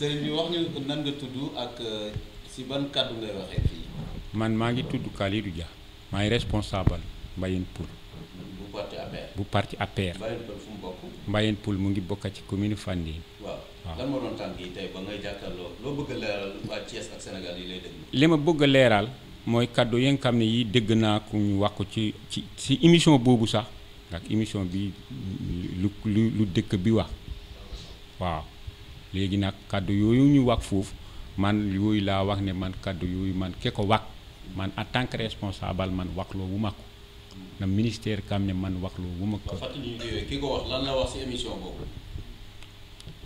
sëriñ bi wax ñu nan nga tudd ak euh, si ban kàddu ngay waxee fii. man maa ngi tudd Kalidou Dia maay responsable Mbayeen Poul. bu parti APR. bu parti APR. Mbayeen Poul mu ngi bokk ci commune Fandène. waaw loo bëgg leeral waa Thiès ak Sénégal yi lay déglu. li ma bëgg leeral mooy kàddu yi nga xam ne yii dégg naa ku ñu wax ko ci ci ci émission boobu sax ak émission bi lu lu lu dëkk bi wax waaw. léegi nag kàddu yooyu ñu wax foofu man yooyu laa wax ne man kaddu yooyu man ke ko wax man en tant que responsable man waxloo wu ma ko na ministère kam ne man waxloo wu ma ko. ki ko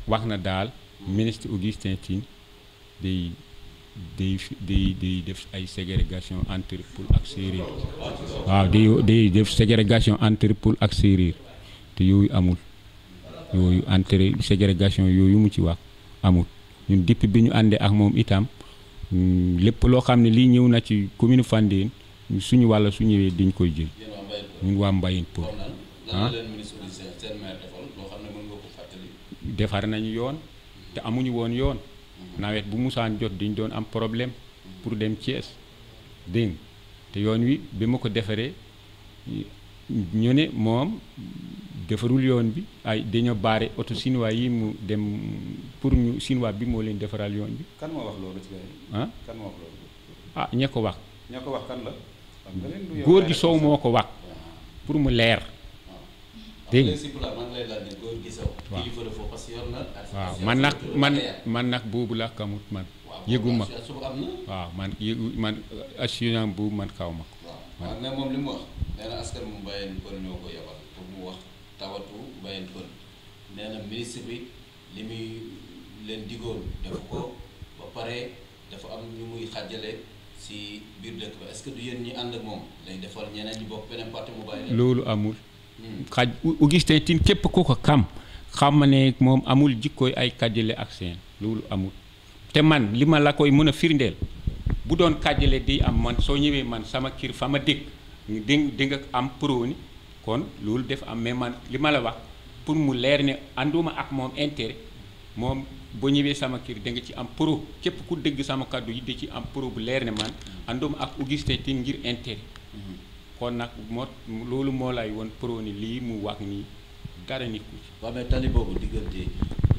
wax na daal ministre Augustin Tine day day day day def ay ségrégation entre pël ak séeréer waaw day day def ségrégation entre pël ak séeréer te yooyu amul. yooyu entrée ségrégation yooyu mu ci wax amul ñun depuis bi ñu àndee ak moom itam mm, lépp loo xam ne lii ñëw na ci commune Fandène suñu walla su ñëwee diñ koy jël ñun waa Mbayeen pour ah? defar nañu yoon te amuñu woon yoon mm-hmm. nawet bu musaan jot diñ doon am problème mm-hmm. pour dem Thiès dégg te yoon wi bi ma ko defaree ñu ne moom defarul yoon bi ay dañoo baare oto chinois yi mu dem pour ñu chinois bi moo leen defaral yoon bi. kan moo wax loolu ci ah kan ko wax. ña ko wax góor gi sow moo ko wax ah. pour mu leer. Ah. dégg nga waaw man nag man man nag boobu la kamut man. yëguma waaw man yëgu man assurance boobu man kaw ma tawatu mbayeen pël nee na ministre bi li muy leen digoon defu ko ba pare dafa am ñu muy xàjjale si biir dëkk ba est du yéen ñi ànd moom lay defal ñeneen ñi bokk loolu amul hmm. xaj Augustin Tine képp ku ko kam xam ne moom amul jikkooy ay kàjjale ak seen loolu amul te man li ma la koy mën a firndeel bu doon kàjjale di am man soo ñëwee man sama kiir fa ma dëkk di di am pro kon loolu def am mais man li ma la wax pour mu leer ne ànduma ak moom intére moom boo ñëwee sama kër da nga ci am pour képp ku dégg sama kàddu yi da ci am pour bu leer ne man ànduma ak Augustin Tine ngir intérêt mm-hmm. kon nag moo loolu moo lay woon pro ni lii mu wax nii dara nit ku ci waaw mais tali boobu diggante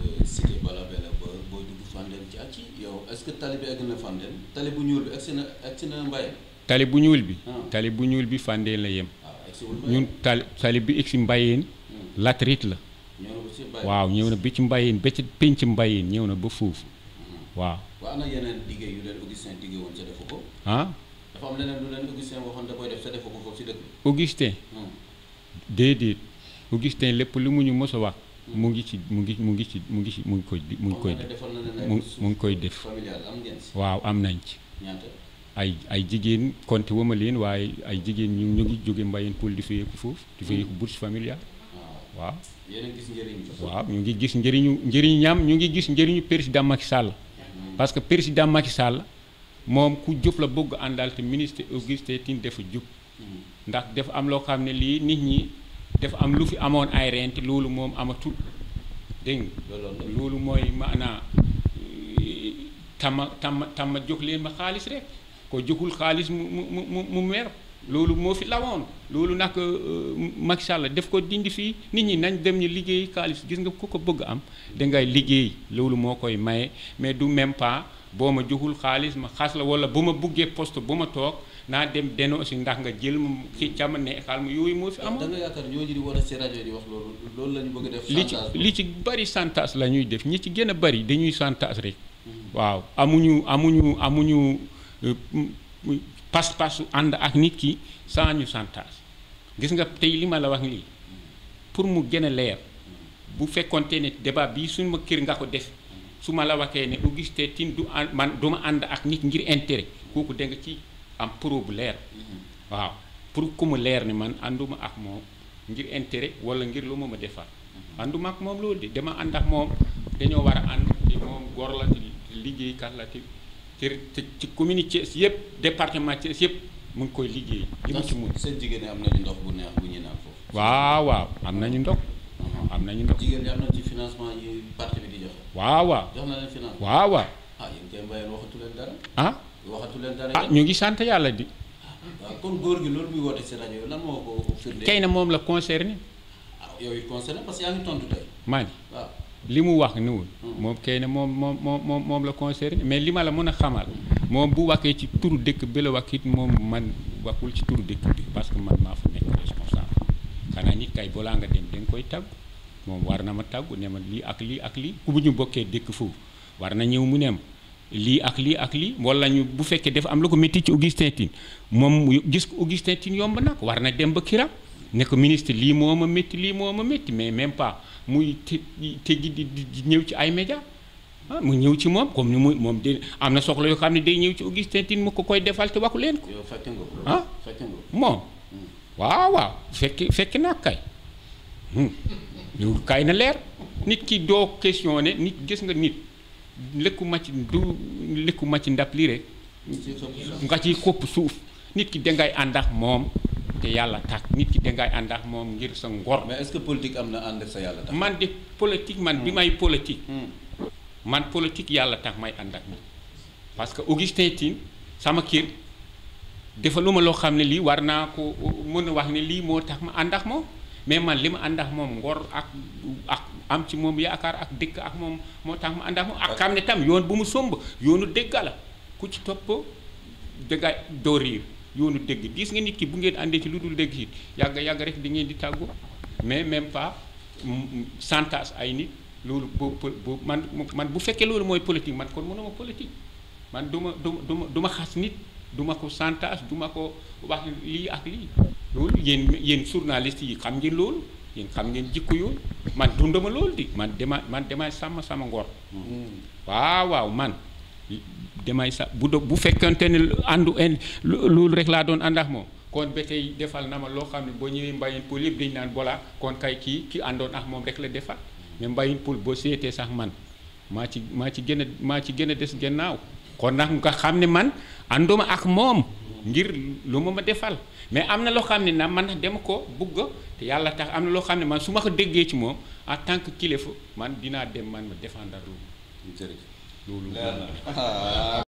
euh, Cité Balabella ba booy dugg Fandène ci àcc yow est que tali bi egg na Fandène tali bu ñuul bi tali bu ñuul bi ah. tali bu ñuul bi Fandène la yem ñun taali taalib bi egg si hmm. latrit la waaw ñëw na bi ci mbayeen ba ci pénc mbayeen ñëw na ba foofu hmm. waaw ah dafa am leneen lu Augustin hmm. déedéet Augustin lépp lu mu ñu mos a wax mu ngi ci mu ngi mu ngi ci mu ngi ci mu ngi koy mu ngi koy def mu ngi koy def waaw am nañ ci ay ay jigéen konti wama leen waaye ay jigéen ñu ñu ngi jóge mbayeen Pël di fayeeku foofu di fayeeku bourse familiale waaw waaw ñu ngi gis njëriñu njëriñu ñaam ñu ngi gis njëriñu président Macky Sall mhm. parce que président Macky Sall moom ku jub la bëgg àndal te ministre Augustin Tine dafa jub mhm. ndax daf am loo xam ne lii nit ñi dafa am lu fi amoon ay rente loolu moom amatul dégg nga loolu mooy maanaa euh, tama tama tama jóg leen ma xaalis rek ko joxul xaalis mu mu mu mu mer loolu moo fi lawoon loolu nag euh, Macky Sall def ko dindi fii nit ñi nañ dem ñu liggéey xaalis gis nga ku ko bëgg am dangay liggéey loolu moo koy maye mais du même pas boo ma joxul xaalis ma xas la wala bu ma buggee poste bu ma toog naa dem denoo si ndax nga jël ma ci càmm ne xaal yooyu moo fi am da nga di wax loolu loolu la bëgg def. li ci li ci bari santas la ñuy def ñi ci gën a bari dañuy santas rek. waaw amuñu amuñu amuñu. Euh, pas-pasu ànd ak nit ki sans ñu chantage gis nga tey li ma la wax lii pour mu gën a leer bu fekkonte ne débat bii suñ ma kër nga ko def su ma la waxee ne Augustin Tine du man du ànd ak nit ngir intérêt kooku da nga ci am pro bu leer waaw pour ku mu leer ne man ànduma ak moom ngir intérêt wala ngir lu ma ma defar ànduma ak moom loolu de dama ànd ak moom dañoo war a ànd te moom góor la te liggéeykat ci ci commune Thiès yëpp département Thiès yëpp mu ngi koy liggéey. li mu ci jigéen ñi am nañu ndox bu neex bu ñu naan foofu. waaw waaw am nañu ndox. Uh-huh. am nañu ndox jigéen am na ci financement yi parti bi di waaw waaw na leen financement. waaw waaw. ah waxatu leen dara. ah waxatu leen dara. ah ñu ngi sant yàlla di. waaw ah, kon góor gi loolu muy woote si rajo kay na moom la concerné. ah yow it concerné li mu wax niwul moom kay ne moom moom moom moom la concerné mais li ma la mën a xamal moom bu waxee ci turu dëkk bi la wax moom man waxul ci turu dëkk bi parce que man maa fa nekk responsable xanaa nit kay balaa nga dem da koy tàggu moom war na ma taggu ne ma lii ak lii ak lii ku bu ñu bokkee dëkk foofu war na ñëw mu ne lii ak lii ak lii wala ñu bu fekkee dafa am la ko métti ci Augustin Tine moom gis ko Augustin Tine yomb nag war na dem ba kiram ne ko ministre lii moo ma métti lii moo ma métti mais même pas muy te teggi di di ñëw ci ay média ah mu ñëw ci moom comme ni mu moom de am na soxla yoo xam ne day ñëw ci Augustin Tine mu ko koy defal te waxu leen ko. yow fekk nga ah fekk nga ko moom. Hmm. waaw waaw fekki fekki naa kay. yow hmm. kay na leer nit ki doo questionné nit gis nga nit lëkku ma du lëkku ma ci ndab lii rek. nga ci kopp suuf nit ki dangay ànd ak moom. te yàlla tax nit ki dangay ànd ak moom ngir sa ngor. mais est am na ànd yàlla man de politique man bi may politique. Hmm. Hmm. man politique yàlla tax may ànd ak moom. parce que Augustin Tine sama kër defaluma loo xam ne lii war naa ko mën a wax ne lii moo tax ma ànd ak moom mais man li ma ànd ak moom ngor ak ak ci moom yaakaar ak dëkk ak moom moo tax ma ànd ak moom. ak xam ne tam yoon bu mu somb yoonu dëgga ku ci topp dangay doo riir yoonu dégg diis nga nit ki bu ngeen àndee ci lu dul dégg it yàgg yàgg rek di ngeen di tàggu mais même pas santas ay nit loolu bo bo man man bu fekkee loolu mooy politique man kon mënuma politique man du ma du ma du ma xas nit duma ko santas du ma ko wax lii ak lii loolu yéen yéen journaliste yi xam ngeen loolu yéen xam ngeen jikko yooyu man dundama loolu di man dema man demaay sàmm sama ngoor hmm. waaw waaw man damay sax bu do bu fekkente ne àndu en loolu rek laa doon ànd ak moom kon ba tey defal na ma loo xam ne boo ñëwee mbayin poul lépp dañu naan bola kon kay kii kii àndoon ak moom rek la defal mais mbayin poul boo seetee sax man maa ci maa ci gën a maa ci gën a des gannaaw kon nag nga xam ne man ànduma ak moom ngir lu ma ma defal mais am na loo xam ne na man dem ko bugg te yàlla tax am na loo xam ne man su ma ko déggee ci moom en tant que kilifa man dinaa dem man ma défendre loolu leer